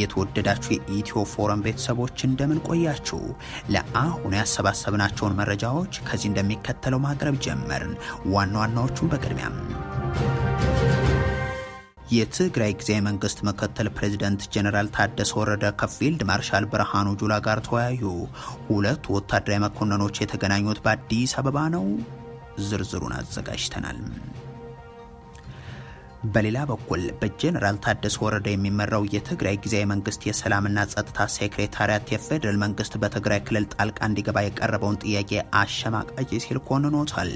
የተወደዳችሁ የኢትዮ ፎረም ቤተሰቦች እንደምን ቆያችሁ? ለአሁኑ ያሰባሰብናቸውን መረጃዎች ከዚህ እንደሚከተለው ማቅረብ ጀመርን። ዋና ዋናዎቹን በቅድሚያም የትግራይ ጊዜያዊ መንግስት ምክትል ፕሬዚደንት ጀኔራል ታደሰ ወረደ ከፊልድ ማርሻል ብርሃኑ ጁላ ጋር ተወያዩ። ሁለቱ ወታደራዊ መኮንኖች የተገናኙት በአዲስ አበባ ነው። ዝርዝሩን አዘጋጅተናል። በሌላ በኩል በጀነራል ታደሰ ወረደ የሚመራው የትግራይ ጊዜያዊ መንግስት የሰላምና ጸጥታ ሴክሬታሪያት የፌዴራል መንግስት በትግራይ ክልል ጣልቃ እንዲገባ የቀረበውን ጥያቄ አሸማቃቂ ሲል ኮንኖታል።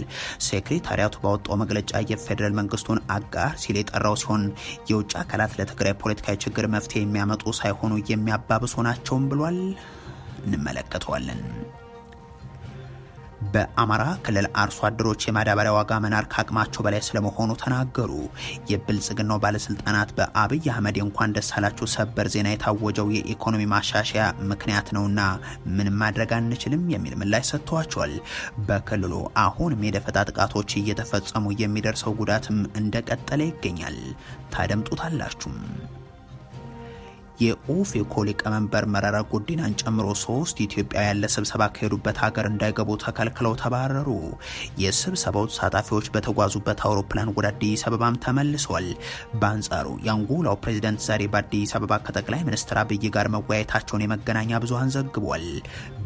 ሴክሬታሪያቱ ባወጣው መግለጫ የፌዴራል መንግስቱን አጋር ሲል የጠራው ሲሆን የውጭ አካላት ለትግራይ ፖለቲካዊ ችግር መፍትሄ የሚያመጡ ሳይሆኑ የሚያባብሱ ናቸውም ብሏል። እንመለከተዋለን። በአማራ ክልል አርሶ አደሮች የማዳበሪያ ዋጋ መናር ከአቅማቸው በላይ ስለመሆኑ ተናገሩ። የብልጽግናው ባለስልጣናት በአብይ አህመድ እንኳን ደስ አላችሁ ሰበር ዜና የታወጀው የኢኮኖሚ ማሻሻያ ምክንያት ነውና ምንም ማድረግ አንችልም የሚል ምላሽ ሰጥተዋቸዋል። በክልሉ አሁንም የደፈጣ ጥቃቶች እየተፈጸሙ የሚደርሰው ጉዳትም እንደቀጠለ ይገኛል። ታደምጡታላችሁም። የኦፌኮ ሊቀመንበር መረራ ጉዲናን ጨምሮ ሶስት ኢትዮጵያውያን ለስብሰባ ካሄዱበት ሀገር እንዳይገቡ ተከልክለው ተባረሩ። የስብሰባው ተሳታፊዎች በተጓዙበት አውሮፕላን ወደ አዲስ አበባም ተመልሷል። በአንጻሩ የአንጎላው ፕሬዚደንት ዛሬ በአዲስ አበባ ከጠቅላይ ሚኒስትር አብይ ጋር መወያየታቸውን የመገናኛ ብዙሃን ዘግቧል።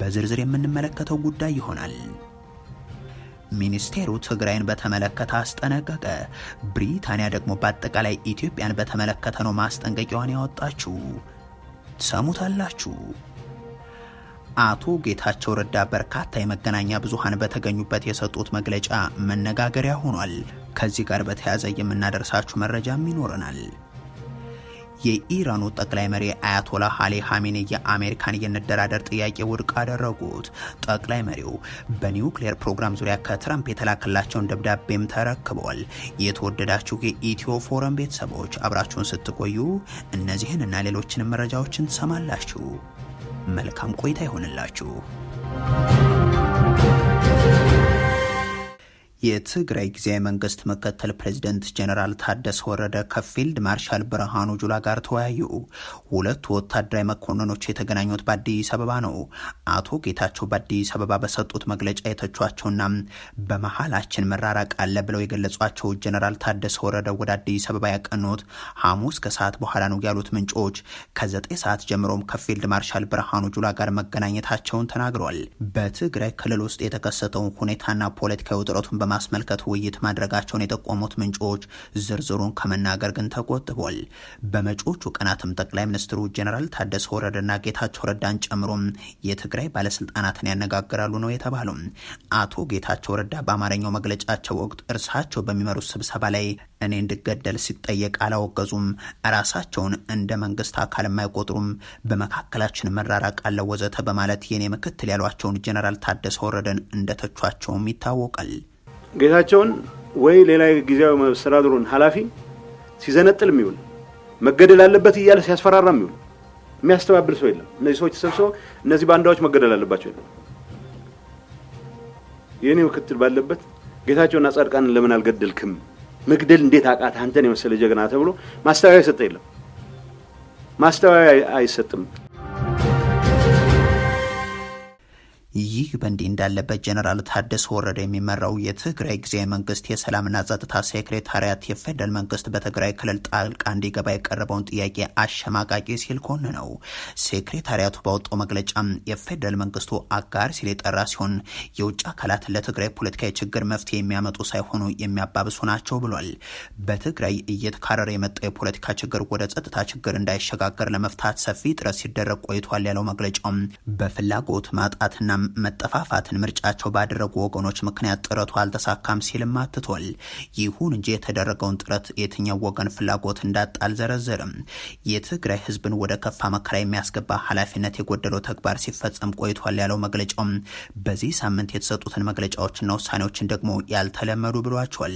በዝርዝር የምንመለከተው ጉዳይ ይሆናል። ሚኒስቴሩ ትግራይን በተመለከተ አስጠነቀቀ። ብሪታንያ ደግሞ በአጠቃላይ ኢትዮጵያን በተመለከተ ነው ማስጠንቀቂያዋን ያወጣችው። ትሰሙታላችሁ። አቶ ጌታቸው ረዳ በርካታ የመገናኛ ብዙሃን በተገኙበት የሰጡት መግለጫ መነጋገሪያ ሆኗል። ከዚህ ጋር በተያያዘ የምናደርሳችሁ መረጃም ይኖረናል። የኢራኑ ጠቅላይ መሪ አያቶላ ሀሊ ሀሜኔ የአሜሪካን የንደራደር ጥያቄ ውድቅ አደረጉት። ጠቅላይ መሪው በኒውክሌር ፕሮግራም ዙሪያ ከትራምፕ የተላከላቸውን ደብዳቤም ተረክበዋል። የተወደዳችሁ የኢትዮ ፎረም ቤተሰቦች አብራችሁን ስትቆዩ እነዚህን እና ሌሎችንም መረጃዎችን ትሰማላችሁ። መልካም ቆይታ ይሆንላችሁ። የትግራይ ጊዜያዊ መንግስት ምክትል ፕሬዚደንት ጀኔራል ታደሰ ወረደ ከፊልድ ማርሻል ብርሃኑ ጁላ ጋር ተወያዩ። ሁለቱ ወታደራዊ መኮንኖች የተገናኙት በአዲስ አበባ ነው። አቶ ጌታቸው በአዲስ አበባ በሰጡት መግለጫ የተቿቸውና በመሀላችን መራራቅ አለ ብለው የገለጿቸው ጀኔራል ታደሰ ወረደ ወደ አዲስ አበባ ያቀኑት ሐሙስ ከሰዓት በኋላ ነው ያሉት ምንጮች ከዘጠኝ ሰዓት ጀምሮም ከፊልድ ማርሻል ብርሃኑ ጁላ ጋር መገናኘታቸውን ተናግረዋል። በትግራይ ክልል ውስጥ የተከሰተውን ሁኔታና ፖለቲካዊ ውጥረቱን በማስመልከት ውይይት ማድረጋቸውን የጠቆሙት ምንጮች ዝርዝሩን ከመናገር ግን ተቆጥቧል። በመጪዎቹ ቀናትም ጠቅላይ ሚኒስትሩ ጀኔራል ታደሰ ወረደና ጌታቸው ረዳን ጨምሮም የትግራይ ባለስልጣናትን ያነጋግራሉ ነው የተባሉ አቶ ጌታቸው ረዳ በአማርኛው መግለጫቸው ወቅት እርሳቸው በሚመሩት ስብሰባ ላይ እኔ እንድገደል ሲጠየቅ አላወገዙም። ራሳቸውን እንደ መንግስት አካል የማይቆጥሩም። በመካከላችን መራራቅ አለ ወዘተ በማለት የኔ ምክትል ያሏቸውን ጀኔራል ታደሰ ወረደን እንደተቿቸውም ይታወቃል። ጌታቸውን ወይ ሌላ ጊዜያዊ መስተዳድሩን ኃላፊ ሲዘነጥል የሚውል መገደል አለበት እያለ ሲያስፈራራ የሚውል የሚያስተባብል ሰው የለም። እነዚህ ሰዎች ተሰብስበው እነዚህ ባንዳዎች መገደል አለባቸው የለም። የእኔ ምክትል ባለበት ጌታቸውና ጻድቃንን ለምን አልገደልክም? መግደል እንዴት አቃት? አንተን የመሰለ ጀግና ተብሎ ማስተባበያ የሰጠ የለም። ማስተባበያ አይሰጥም። ይህ በእንዲህ እንዳለበት ጀነራል ታደሰ ወረደ የሚመራው የትግራይ ጊዜያዊ መንግስት የሰላምና ጸጥታ ሴክሬታሪያት የፌደራል መንግስት በትግራይ ክልል ጣልቃ እንዲገባ የቀረበውን ጥያቄ አሸማቃቂ ሲል ኮን ነው። ሴክሬታሪያቱ ባወጣው መግለጫ የፌደራል መንግስቱ አጋር ሲል የጠራ ሲሆን የውጭ አካላት ለትግራይ ፖለቲካዊ ችግር መፍትሄ የሚያመጡ ሳይሆኑ የሚያባብሱ ናቸው ብሏል። በትግራይ እየተካረረ የመጣው የፖለቲካ ችግር ወደ ጸጥታ ችግር እንዳይሸጋገር ለመፍታት ሰፊ ጥረት ሲደረግ ቆይቷል ያለው መግለጫው በፍላጎት ማጣትና መጠፋፋትን ምርጫቸው ባደረጉ ወገኖች ምክንያት ጥረቱ አልተሳካም ሲልም አትቷል። ይሁን እንጂ የተደረገውን ጥረት የትኛው ወገን ፍላጎት እንዳጣ አልዘረዘርም። የትግራይ ህዝብን ወደ ከፋ መከራ የሚያስገባ ኃላፊነት የጎደለው ተግባር ሲፈጸም ቆይቷል ያለው መግለጫውም በዚህ ሳምንት የተሰጡትን መግለጫዎችና ውሳኔዎችን ደግሞ ያልተለመዱ ብሏቸዋል።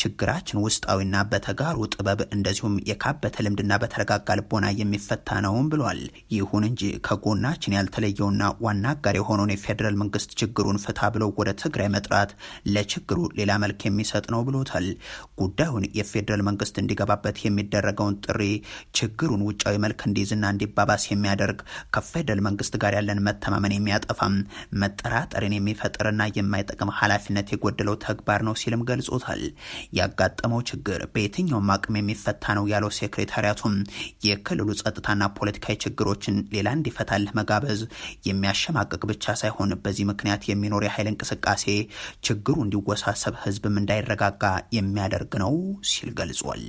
ችግራችን ውስጣዊና በተጋሩ ጥበብ እንደዚሁም የካበተ ልምድና በተረጋጋ ልቦና የሚፈታ ነውም ብሏል። ይሁን እንጂ ከጎናችን ያልተለየውና ዋና አጋር የሆነውን ፌዴራል መንግስት ችግሩን ፍታ ብለው ወደ ትግራይ መጥራት ለችግሩ ሌላ መልክ የሚሰጥ ነው ብሎታል። ጉዳዩን የፌዴራል መንግስት እንዲገባበት የሚደረገውን ጥሪ ችግሩን ውጫዊ መልክ እንዲይዝና እንዲባባስ የሚያደርግ ከፌዴራል መንግስት ጋር ያለን መተማመን የሚያጠፋም መጠራጠርን የሚፈጥርና የማይጠቅም ኃላፊነት የጎደለው ተግባር ነው ሲልም ገልጾታል። ያጋጠመው ችግር በየትኛውም አቅም የሚፈታ ነው ያለው ሴክሬታሪያቱም የክልሉ ጸጥታና ፖለቲካዊ ችግሮችን ሌላ እንዲፈታልህ መጋበዝ የሚያሸማቅቅ ብቻ ሳይሆን እንዳይሆን በዚህ ምክንያት የሚኖር የኃይል እንቅስቃሴ ችግሩ እንዲወሳሰብ ህዝብም እንዳይረጋጋ የሚያደርግ ነው ሲል ገልጿል።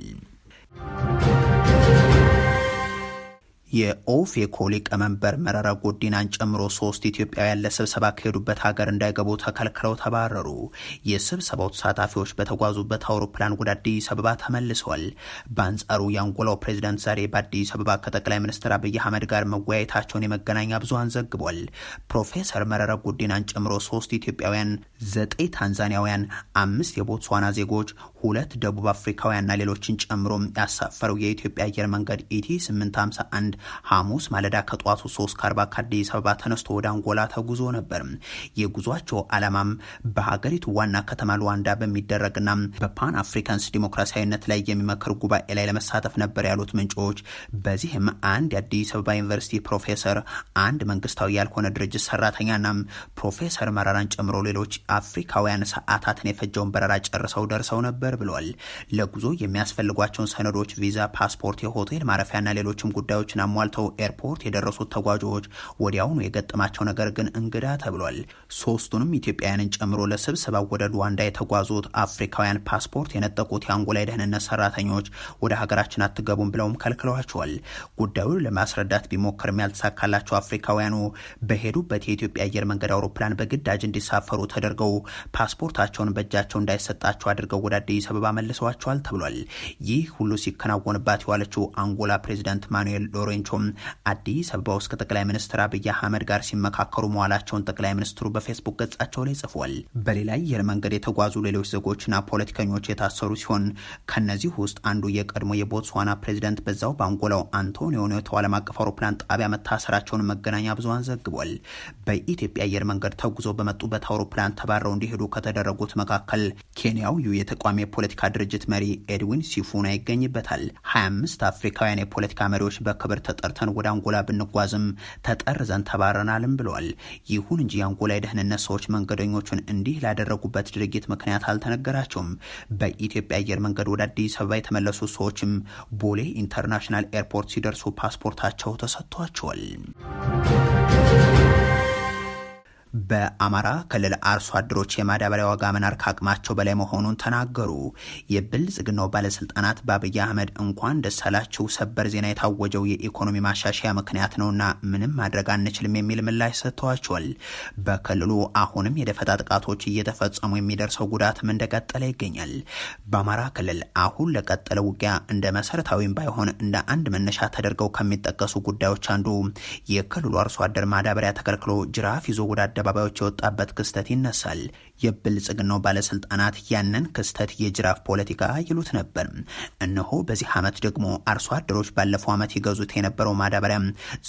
የኦፌኮ ሊቀመንበር መረራ ጉዲናን ጨምሮ ሶስት ኢትዮጵያውያን ለስብሰባ ከሄዱበት ሀገር እንዳይገቡ ተከልክለው ተባረሩ። የስብሰባው ተሳታፊዎች በተጓዙበት አውሮፕላን ወደ አዲስ አበባ ተመልሰዋል። በአንጻሩ የአንጎላው ፕሬዚዳንት ዛሬ በአዲስ አበባ ከጠቅላይ ሚኒስትር አብይ አህመድ ጋር መወያየታቸውን የመገናኛ ብዙሃን ዘግቧል። ፕሮፌሰር መረራ ጉዲናን ጨምሮ ሶስት ኢትዮጵያውያን፣ ዘጠኝ ታንዛኒያውያን፣ አምስት የቦትስዋና ዜጎች፣ ሁለት ደቡብ አፍሪካውያንና ሌሎችን ጨምሮ ያሳፈረው የኢትዮጵያ አየር መንገድ ኢቲ 851 ሐሙስ ማለዳ ከጠዋቱ 3 ከአርባ ከአዲስ አበባ ተነስቶ ወደ አንጎላ ተጉዞ ነበር። የጉዟቸው ዓላማም በሀገሪቱ ዋና ከተማ ሉዋንዳ በሚደረግና በፓን አፍሪካንስ ዲሞክራሲያዊነት ላይ የሚመክር ጉባኤ ላይ ለመሳተፍ ነበር ያሉት ምንጮች፣ በዚህም አንድ የአዲስ አበባ ዩኒቨርሲቲ ፕሮፌሰር፣ አንድ መንግስታዊ ያልሆነ ድርጅት ሰራተኛና ፕሮፌሰር መራራን ጨምሮ ሌሎች አፍሪካውያን ሰዓታትን የፈጀውን በረራ ጨርሰው ደርሰው ነበር ብለዋል። ለጉዞ የሚያስፈልጓቸውን ሰነዶች ቪዛ፣ ፓስፖርት፣ የሆቴል ማረፊያና ሌሎችም ጉዳዮችን አሟልተው ኤርፖርት የደረሱት ተጓዦች ወዲያውኑ የገጠማቸው ነገር ግን እንግዳ ተብሏል። ሶስቱንም ኢትዮጵያውያንን ጨምሮ ለስብሰባ ወደ ሉዋንዳ የተጓዙት አፍሪካውያን ፓስፖርት የነጠቁት የአንጎላ የደህንነት ሰራተኞች ወደ ሀገራችን አትገቡም ብለውም ከልክለዋቸዋል። ጉዳዩን ለማስረዳት ቢሞክርም ያልተሳካላቸው አፍሪካውያኑ በሄዱበት የኢትዮጵያ አየር መንገድ አውሮፕላን በግዳጅ እንዲሳፈሩ ተደርገው ፓስፖርታቸውን በእጃቸው እንዳይሰጣቸው አድርገው ወደ አዲስ አበባ መልሰዋቸዋል ተብሏል። ይህ ሁሉ ሲከናወንባት የዋለችው አንጎላ ፕሬዚዳንት ማኑኤል ዶሮ ሌንጮም አዲስ አበባ ውስጥ ከጠቅላይ ሚኒስትር አብይ አህመድ ጋር ሲመካከሩ መዋላቸውን ጠቅላይ ሚኒስትሩ በፌስቡክ ገጻቸው ላይ ጽፏል። በሌላ አየር መንገድ የተጓዙ ሌሎች ዜጎችና ፖለቲከኞች የታሰሩ ሲሆን ከነዚህ ውስጥ አንዱ የቀድሞ የቦትስዋና ፕሬዚደንት በዛው በአንጎላው አንቶኒዮ ኔቶ ዓለም አቀፍ አውሮፕላን ጣቢያ መታሰራቸውን መገናኛ ብዙሃን ዘግቧል። በኢትዮጵያ አየር መንገድ ተጉዞ በመጡበት አውሮፕላን ተባረው እንዲሄዱ ከተደረጉት መካከል ኬንያዊው የተቋሚ የፖለቲካ ድርጅት መሪ ኤድዊን ሲፉና ይገኝበታል። 25 አፍሪካውያን የፖለቲካ መሪዎች በክብር ተጠርተን ወደ አንጎላ ብንጓዝም ተጠርዘን ተባረናልም ብለዋል። ይሁን እንጂ የአንጎላ የደህንነት ሰዎች መንገደኞቹን እንዲህ ላደረጉበት ድርጊት ምክንያት አልተነገራቸውም። በኢትዮጵያ አየር መንገድ ወደ አዲስ አበባ የተመለሱ ሰዎችም ቦሌ ኢንተርናሽናል ኤርፖርት ሲደርሱ ፓስፖርታቸው ተሰጥቷቸዋል። በአማራ ክልል አርሶ አደሮች የማዳበሪያ ዋጋ መናር ከአቅማቸው በላይ መሆኑን ተናገሩ። የብልጽግናው ባለስልጣናት በአብይ አህመድ እንኳን ደስ አላችሁ ሰበር ዜና የታወጀው የኢኮኖሚ ማሻሻያ ምክንያት ነውና ምንም ማድረግ አንችልም የሚል ምላሽ ሰጥተዋቸዋል። በክልሉ አሁንም የደፈጣ ጥቃቶች እየተፈጸሙ የሚደርሰው ጉዳትም እንደቀጠለ ይገኛል። በአማራ ክልል አሁን ለቀጠለ ውጊያ እንደ መሰረታዊም ባይሆን እንደ አንድ መነሻ ተደርገው ከሚጠቀሱ ጉዳዮች አንዱ የክልሉ አርሶ አደር ማዳበሪያ ተከልክሎ ጅራፍ ይዞ ጉዳት አደባባዮች የወጣበት ክስተት ይነሳል። የብልጽግናው ባለስልጣናት ያንን ክስተት የጅራፍ ፖለቲካ ይሉት ነበር። እነሆ በዚህ ዓመት ደግሞ አርሶ አደሮች ባለፈው ዓመት ይገዙት የነበረው ማዳበሪያ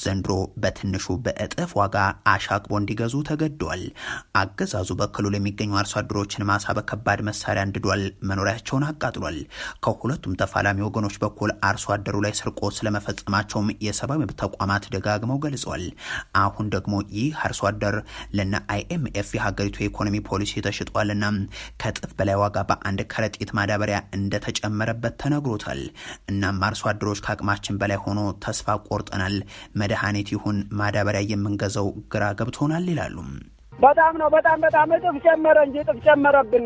ዘንድሮ በትንሹ በእጥፍ ዋጋ አሻቅቦ እንዲገዙ ተገደዋል። አገዛዙ በክልሉ የሚገኙ አርሶ አደሮችን ማሳ በከባድ መሳሪያ እንድዷል፣ መኖሪያቸውን አቃጥሏል። ከሁለቱም ተፋላሚ ወገኖች በኩል አርሶ አደሩ ላይ ስርቆት ስለመፈጸማቸውም የሰብአዊ መብት ተቋማት ደጋግመው ገልጸዋል። አሁን ደግሞ ይህ አርሶ አደር ለነ አይኤምኤፍ የሀገሪቱ የኢኮኖሚ ፖሊሲ በካሬ ተሽጧልና ከጥፍ በላይ ዋጋ በአንድ ከረጢት ማዳበሪያ እንደተጨመረበት ተነግሮታል። እናም አርሶ አደሮች ከአቅማችን በላይ ሆኖ ተስፋ ቆርጠናል፣ መድኃኒት ይሁን ማዳበሪያ የምንገዛው ግራ ገብቶናል ይላሉ። በጣም ነው በጣም በጣም እጥፍ ጨመረ እንጂ እጥፍ ጨመረብን።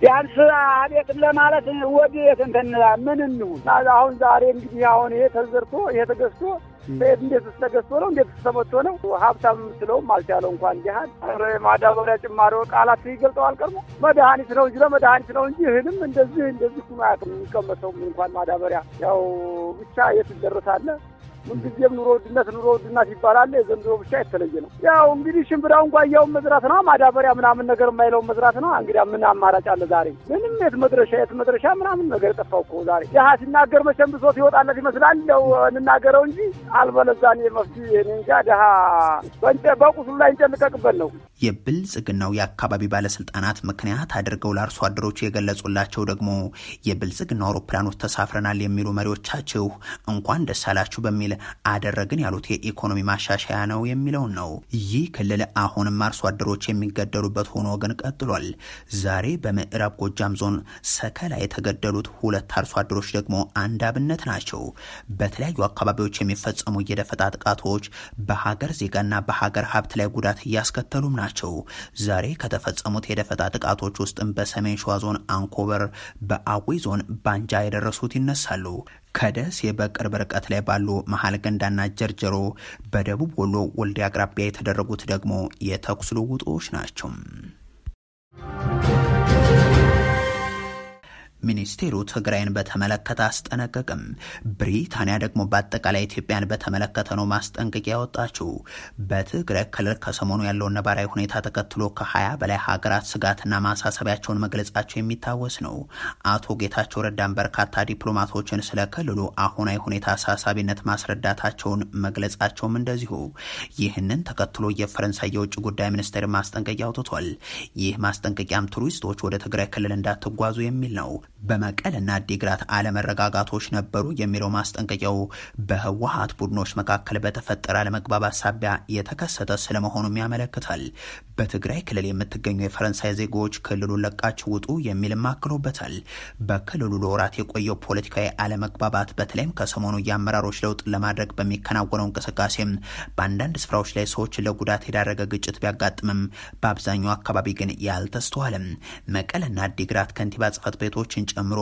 ቢያንስ አቤት ለማለት ወዴት እንትን ምን እንሁን? አሁን ዛሬ እንግዲህ አሁን ይሄ ተዘርቶ ይሄ ተገዝቶ ቤት እንዴት ተገዝቶ ነው እንዴት ተመቶ ነው? ሀብታም ስለውም አልቻለው እንኳን ዲሃን ማዳበሪያ ጭማሪ ቃላት ይገልጠው አልቀርሞ መድኃኒት ነው እንጂ ለመድኃኒት ነው እንጂ ይህንም እንደዚህ እንደዚህ ሁኖ አያውቅም። የሚቀመሰው እንኳን ማዳበሪያ ያው ብቻ የት ደረሳለ ምንጊዜም ኑሮ ውድነት ኑሮ ውድነት ይባላል። የዘንድሮ ብቻ የተለየ ነው። ያው እንግዲህ ሽምብራውን ጓያውን መዝራት ነው። ማዳበሪያ ምናምን ነገር የማይለውን መዝራት ነው። እንግዲህ ምን አማራጭ አለ ዛሬ? ምንም የት መድረሻ የት መድረሻ ምናምን ነገር ጠፋው እኮ ዛሬ። ድሀ ሲናገር መቼም ብሶት ይወጣለት ይመስላል። ያው እንናገረው እንጂ አልበለዛን መፍትሄ እኔ እንጃ። ድሀ በቁስሉ ላይ እንጨልቀቅበት ነው። የብልጽግናው የአካባቢ ባለስልጣናት ምክንያት አድርገው ለአርሶ አደሮቹ የገለጹላቸው ደግሞ የብልጽግና አውሮፕላኖች ተሳፍረናል የሚሉ መሪዎቻችሁ እንኳን ደስ አላችሁ በሚል አደረግን ያሉት የኢኮኖሚ ማሻሻያ ነው የሚለውን ነው። ይህ ክልል አሁንም አርሶ አደሮች የሚገደሉበት ሆኖ ግን ቀጥሏል። ዛሬ በምዕራብ ጎጃም ዞን ሰከላ የተገደሉት ሁለት አርሶ አደሮች ደግሞ አንድ አብነት ናቸው። በተለያዩ አካባቢዎች የሚፈጸሙ የደፈጣ ጥቃቶች በሀገር ዜጋና በሀገር ሀብት ላይ ጉዳት እያስከተሉም ናቸው። ናቸው። ዛሬ ከተፈጸሙት የደፈጣ ጥቃቶች ውስጥም በሰሜን ሸዋ ዞን አንኮበር፣ በአዊ ዞን ባንጃ የደረሱት ይነሳሉ። ከደሴ በቅርብ ርቀት ላይ ባሉ መሀል ገንዳና ጀርጀሮ፣ በደቡብ ወሎ ወልዲያ አቅራቢያ የተደረጉት ደግሞ የተኩስ ልውውጦች ናቸው። ሚኒስቴሩ ትግራይን በተመለከተ አስጠነቀቅም። ብሪታንያ ደግሞ በአጠቃላይ ኢትዮጵያን በተመለከተ ነው ማስጠንቀቂያ ያወጣችው። በትግራይ ክልል ከሰሞኑ ያለውን ነባራዊ ሁኔታ ተከትሎ ከ20 በላይ ሀገራት ስጋትና ማሳሰቢያቸውን መግለጻቸው የሚታወስ ነው። አቶ ጌታቸው ረዳን በርካታ ዲፕሎማቶችን ስለ ክልሉ አሁናዊ ሁኔታ አሳሳቢነት ማስረዳታቸውን መግለጻቸውም እንደዚሁ። ይህንን ተከትሎ የፈረንሳይ የውጭ ጉዳይ ሚኒስቴር ማስጠንቀቂያ አውጥቷል። ይህ ማስጠንቀቂያም ቱሪስቶች ወደ ትግራይ ክልል እንዳትጓዙ የሚል ነው። በመቀለና አዲግራት አለመረጋጋቶች ነበሩ የሚለው ማስጠንቀቂያው በህወሀት ቡድኖች መካከል በተፈጠረ አለመግባባት ሳቢያ የተከሰተ ስለመሆኑም ያመለክታል። በትግራይ ክልል የምትገኙ የፈረንሳይ ዜጎች ክልሉን ለቃችሁ ውጡ የሚልም አክሎበታል። በክልሉ ለወራት የቆየው ፖለቲካዊ አለመግባባት በተለይም ከሰሞኑ የአመራሮች ለውጥ ለማድረግ በሚከናወነው እንቅስቃሴም በአንዳንድ ስፍራዎች ላይ ሰዎች ለጉዳት የዳረገ ግጭት ቢያጋጥምም በአብዛኛው አካባቢ ግን ያልተስተዋልም። መቀለና አዲግራት ከንቲባ ጽፈት ቤቶችን ጨምሮ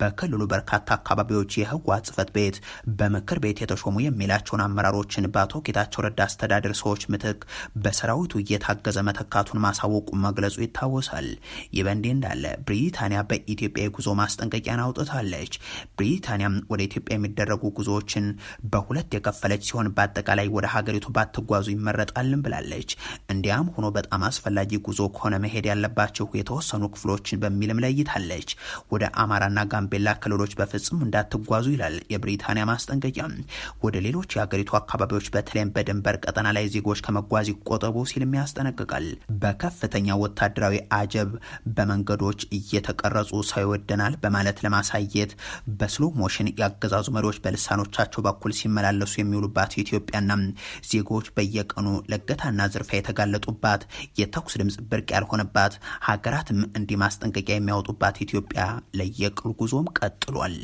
በክልሉ በርካታ አካባቢዎች የህወሓት ጽህፈት ቤት በምክር ቤት የተሾሙ የሚላቸውን አመራሮችን በአቶ ጌታቸው ረዳ አስተዳደር ሰዎች ምትክ በሰራዊቱ እየታገዘ መተካቱን ማሳወቁ መግለጹ ይታወሳል። ይህ በእንዲህ እንዳለ ብሪታንያ በኢትዮጵያ የጉዞ ማስጠንቀቂያን አውጥታለች። ብሪታንያም ወደ ኢትዮጵያ የሚደረጉ ጉዞዎችን በሁለት የከፈለች ሲሆን በአጠቃላይ ወደ ሀገሪቱ ባትጓዙ ይመረጣልን ብላለች። እንዲያም ሆኖ በጣም አስፈላጊ ጉዞ ከሆነ መሄድ ያለባቸው የተወሰኑ ክፍሎችን በሚልም ለይታለች። ወደ አማራና ጋምቤላ ክልሎች በፍጹም እንዳትጓዙ ይላል የብሪታንያ ማስጠንቀቂያ። ወደ ሌሎች የሀገሪቱ አካባቢዎች በተለይም በድንበር ቀጠና ላይ ዜጎች ከመጓዝ ይቆጠቡ ሲልም ያስጠነቅቃል። በከፍተኛ ወታደራዊ አጀብ በመንገዶች እየተቀረጹ ሰው ይወደናል በማለት ለማሳየት በስሎ ሞሽን ያገዛዙ መሪዎች በልሳኖቻቸው በኩል ሲመላለሱ የሚውሉባት ኢትዮጵያና ዜጎች በየቀኑ ለገታና ዝርፊያ የተጋለጡባት የተኩስ ድምፅ ብርቅ ያልሆነባት ሀገራትም እንዲህ ማስጠንቀቂያ የሚያወጡባት ኢትዮጵያ ለየቅል ጉዞም ቀጥሏል።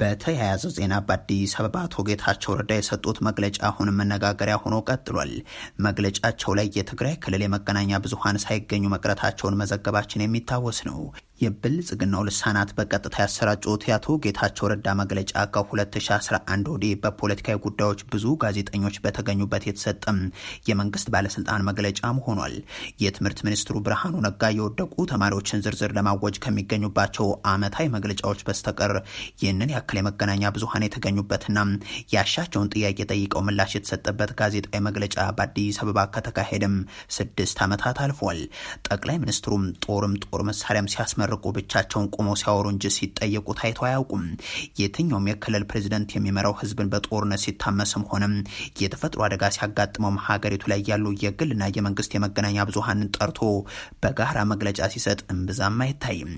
በተያያዘ ዜና በአዲስ አበባ አቶ ጌታቸው ረዳ የሰጡት መግለጫ አሁን መነጋገሪያ ሆኖ ቀጥሏል። መግለጫቸው ላይ የትግራይ ክልል የመገናኛ ብዙኃን ሳይገኙ መቅረታቸውን መዘገባችን የሚታወስ ነው። የብልጽግናው ልሳናት በቀጥታ ያሰራጩት የአቶ ጌታቸው ረዳ መግለጫ ከ2011 ወዲህ በፖለቲካዊ ጉዳዮች ብዙ ጋዜጠኞች በተገኙበት የተሰጠም የመንግስት ባለስልጣን መግለጫም ሆኗል። የትምህርት ሚኒስትሩ ብርሃኑ ነጋ የወደቁ ተማሪዎችን ዝርዝር ለማወጅ ከሚገኙባቸው አመታዊ መግለጫዎች በስተቀር ይህንን ያክል የመገናኛ ብዙሀን የተገኙበትና ያሻቸውን ጥያቄ ጠይቀው ምላሽ የተሰጠበት ጋዜጣዊ መግለጫ በአዲስ አበባ ከተካሄደም ስድስት ዓመታት አልፏል። ጠቅላይ ሚኒስትሩም ጦርም ጦር መሳሪያም ሲያስመ ሲመርቁ ብቻቸውን ቆመው ሲያወሩ እንጂ ሲጠየቁ ታይቶ አያውቁም። የትኛውም የክልል ፕሬዚደንት የሚመራው ህዝብን በጦርነት ሲታመስም ሆነም የተፈጥሮ አደጋ ሲያጋጥመውም ሀገሪቱ ላይ ያሉ የግልና የመንግስት የመገናኛ ብዙሀንን ጠርቶ በጋራ መግለጫ ሲሰጥ እምብዛም አይታይም።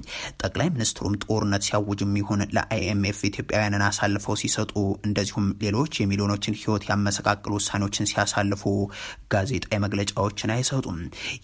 ጠቅላይ ሚኒስትሩም ጦርነት ሲያውጅም ይሁን ለአይኤምኤፍ ኢትዮጵያውያንን አሳልፈው ሲሰጡ፣ እንደዚሁም ሌሎች የሚሊዮኖችን ህይወት ያመሰቃቅሉ ውሳኔዎችን ሲያሳልፉ ጋዜጣዊ መግለጫዎችን አይሰጡም።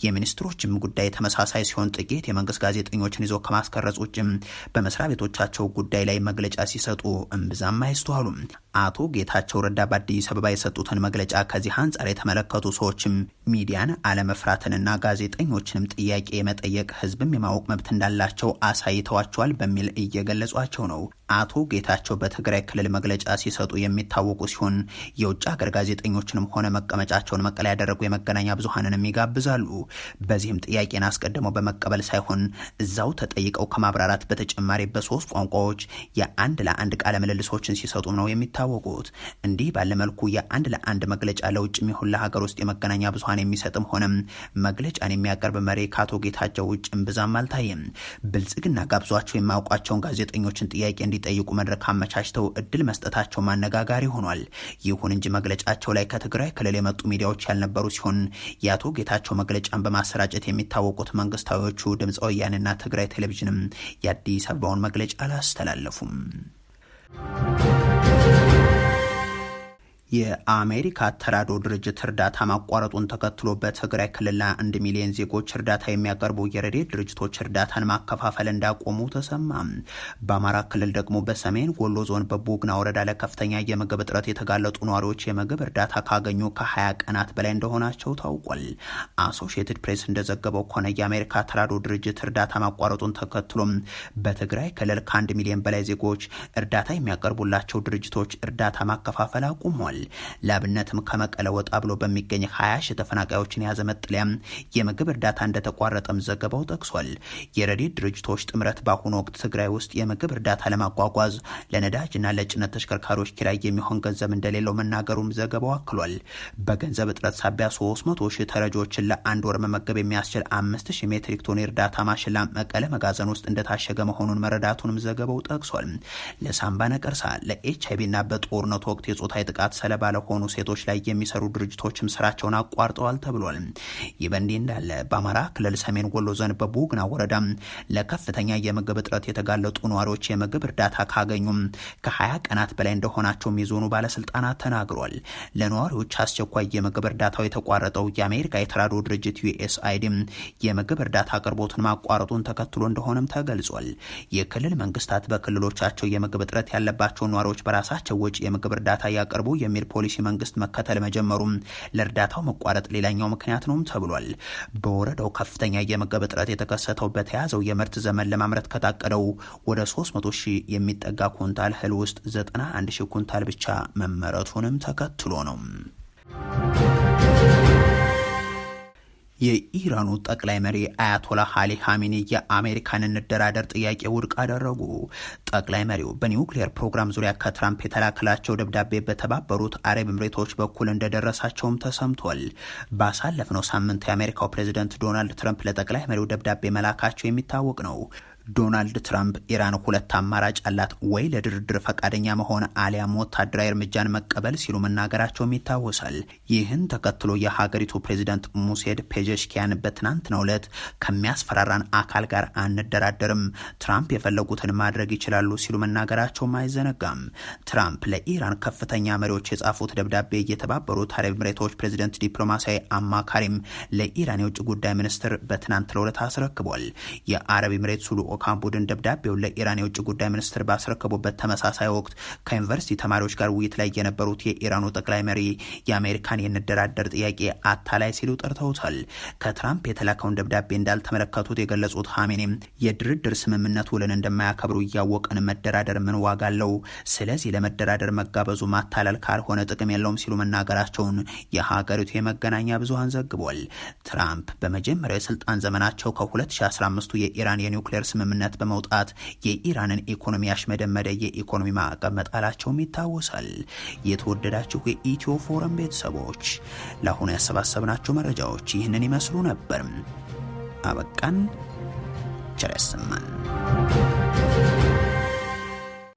የሚኒስትሮችም ጉዳይ ተመሳሳይ ሲሆን ጥቂት የመንግስት ጋዜጠኞችን ይዞ ከማስቀረጽ ውጭም በመስሪያ ቤቶቻቸው ጉዳይ ላይ መግለጫ ሲሰጡ እምብዛም አይስተዋሉም። አቶ ጌታቸው ረዳ በአዲስ አበባ የሰጡትን መግለጫ ከዚህ አንጻር የተመለከቱ ሰዎችም ሚዲያን አለመፍራትንና ጋዜጠኞችንም ጥያቄ የመጠየቅ ህዝብም የማወቅ መብት እንዳላቸው አሳይተዋቸዋል በሚል እየገለጿቸው ነው። አቶ ጌታቸው በትግራይ ክልል መግለጫ ሲሰጡ የሚታወቁ ሲሆን የውጭ ሀገር ጋዜጠኞችንም ሆነ መቀመጫቸውን መቀለ ያደረጉ የመገናኛ ብዙሀንንም ይጋብዛሉ። በዚህም ጥያቄን አስቀድመው በመቀበል ሳይሆን እዛው ተጠይቀው ከማብራራት በተጨማሪ በሶስት ቋንቋዎች የአንድ ለአንድ ቃለ ምልልሶችን ሲሰጡ ነው የሚታ ያስታወቁት። እንዲህ ባለመልኩ የአንድ ለአንድ መግለጫ ለውጭ የሚሆን ለሀገር ውስጥ የመገናኛ ብዙሀን የሚሰጥም ሆነም መግለጫን የሚያቀርብ መሪ ከአቶ ጌታቸው ውጭ እምብዛም አልታየም። ብልጽግና ጋብዟቸው የማያውቋቸውን ጋዜጠኞችን ጥያቄ እንዲጠይቁ መድረክ አመቻችተው እድል መስጠታቸው ማነጋጋሪ ሆኗል። ይሁን እንጂ መግለጫቸው ላይ ከትግራይ ክልል የመጡ ሚዲያዎች ያልነበሩ ሲሆን የአቶ ጌታቸው መግለጫን በማሰራጨት የሚታወቁት መንግስታዊዎቹ ድምፀ ወያኔና ትግራይ ቴሌቪዥንም የአዲስ አበባውን መግለጫ አላስተላለፉም። የአሜሪካ ተራድኦ ድርጅት እርዳታ ማቋረጡን ተከትሎ በትግራይ ክልል አንድ ሚሊዮን ዜጎች እርዳታ የሚያቀርቡ የረድኤት ድርጅቶች እርዳታን ማከፋፈል እንዳቆሙ ተሰማ። በአማራ ክልል ደግሞ በሰሜን ወሎ ዞን በቡግና ወረዳ ለከፍተኛ የምግብ እጥረት የተጋለጡ ነዋሪዎች የምግብ እርዳታ ካገኙ ከ20 ቀናት በላይ እንደሆናቸው ታውቋል። አሶሽየትድ ፕሬስ እንደዘገበው ከሆነ የአሜሪካ ተራድኦ ድርጅት እርዳታ ማቋረጡን ተከትሎም በትግራይ ክልል ከአንድ ሚሊዮን በላይ ዜጎች እርዳታ የሚያቀርቡላቸው ድርጅቶች እርዳታ ማከፋፈል አቁሟል። ተገኝተዋል። ለአብነትም ከመቀለ ወጣ ብሎ በሚገኝ ሀያ ሺህ ተፈናቃዮችን የያዘ መጠለያም የምግብ እርዳታ እንደተቋረጠም ዘገባው ጠቅሷል። የረድኤት ድርጅቶች ጥምረት በአሁኑ ወቅት ትግራይ ውስጥ የምግብ እርዳታ ለማጓጓዝ ለነዳጅና ለጭነት ተሽከርካሪዎች ኪራይ የሚሆን ገንዘብ እንደሌለው መናገሩም ዘገባው አክሏል። በገንዘብ እጥረት ሳቢያ 300 ሺህ ተረጂዎችን ለአንድ ወር መመገብ የሚያስችል 5000 ሜትሪክ ቶን የእርዳታ ማሽላ መቀለ መጋዘን ውስጥ እንደታሸገ መሆኑን መረዳቱንም ዘገባው ጠቅሷል። ለሳምባ ነቀርሳ፣ ለኤች አይቪ እና በጦርነቱ ወቅት የጾታዊ ጥቃት ሰለባ ለሆኑ ሴቶች ላይ የሚሰሩ ድርጅቶችም ስራቸውን አቋርጠዋል ተብሏል። ይህ በእንዲህ እንዳለ በአማራ ክልል ሰሜን ወሎ ዞን በቡግና ወረዳ ለከፍተኛ የምግብ እጥረት የተጋለጡ ነዋሪዎች የምግብ እርዳታ ካገኙም ከ20 ቀናት በላይ እንደሆናቸውም የዞኑ ባለስልጣናት ተናግሯል። ለነዋሪዎች አስቸኳይ የምግብ እርዳታው የተቋረጠው የአሜሪካ የተራድኦ ድርጅት ዩኤስአይዲ የምግብ እርዳታ አቅርቦትን ማቋረጡን ተከትሎ እንደሆነም ተገልጿል። የክልል መንግስታት በክልሎቻቸው የምግብ እጥረት ያለባቸው ነዋሪዎች በራሳቸው ወጪ የምግብ እርዳታ ያቀርቡ የሚ በርሜል ፖሊሲ መንግስት መከተል መጀመሩም ለእርዳታው መቋረጥ ሌላኛው ምክንያት ነውም ተብሏል። በወረዳው ከፍተኛ የምግብ እጥረት የተከሰተው በተያዘው የምርት ዘመን ለማምረት ከታቀደው ወደ 300 ሺህ የሚጠጋ ኩንታል እህል ውስጥ 91 ሺህ ኩንታል ብቻ መመረቱንም ተከትሎ ነው። የኢራኑ ጠቅላይ መሪ አያቶላ ሀሊ ሀሚኒ የአሜሪካን እንደራደር ጥያቄ ውድቅ አደረጉ። ጠቅላይ መሪው በኒውክሌር ፕሮግራም ዙሪያ ከትራምፕ የተላከላቸው ደብዳቤ በተባበሩት አረብ ኤምሬቶች በኩል እንደደረሳቸውም ተሰምቷል። ባሳለፍነው ሳምንት የአሜሪካው ፕሬዚደንት ዶናልድ ትራምፕ ለጠቅላይ መሪው ደብዳቤ መላካቸው የሚታወቅ ነው። ዶናልድ ትራምፕ ኢራን ሁለት አማራጭ አላት፣ ወይ ለድርድር ፈቃደኛ መሆን አሊያም ወታደራዊ እርምጃን መቀበል ሲሉ መናገራቸውም ይታወሳል። ይህን ተከትሎ የሀገሪቱ ፕሬዚዳንት ሙሴድ ፔጀሽኪያን በትናንትናው ዕለት ከሚያስፈራራን አካል ጋር አንደራደርም፣ ትራምፕ የፈለጉትን ማድረግ ይችላሉ ሲሉ መናገራቸውም አይዘነጋም። ትራምፕ ለኢራን ከፍተኛ መሪዎች የጻፉት ደብዳቤ የተባበሩት አረብ ኤምሬቶች ፕሬዚደንት ዲፕሎማሲያዊ አማካሪም ለኢራን የውጭ ጉዳይ ሚኒስትር በትናንትናው ዕለት አስረክቧል። የአረብ ኤምሬትስ የልዑካን ቡድን ደብዳቤውን ለኢራን የውጭ ጉዳይ ሚኒስትር ባስረከቡበት ተመሳሳይ ወቅት ከዩኒቨርሲቲ ተማሪዎች ጋር ውይይት ላይ የነበሩት የኢራኑ ጠቅላይ መሪ የአሜሪካን የንደራደር ጥያቄ አታላይ ሲሉ ጠርተውታል። ከትራምፕ የተላከውን ደብዳቤ እንዳልተመለከቱት የገለጹት ሀሜኔም የድርድር ስምምነት ውልን እንደማያከብሩ እያወቅን መደራደር ምን ዋጋ አለው? ስለዚህ ለመደራደር መጋበዙ ማታለል ካልሆነ ጥቅም የለውም ሲሉ መናገራቸውን የሀገሪቱ የመገናኛ ብዙሀን ዘግቧል። ትራምፕ በመጀመሪያው የስልጣን ዘመናቸው ከ 2015 የኢራን የኒውክሌር ስምምነት ስምምነት በመውጣት የኢራንን ኢኮኖሚ ያሽመደመደ የኢኮኖሚ ማዕቀብ መጣላቸውም ይታወሳል። የተወደዳችሁ የኢትዮ ፎረም ቤተሰቦች ለአሁኑ ያሰባሰብናቸው መረጃዎች ይህንን ይመስሉ ነበር። አበቃን። ቸር ያሰማን።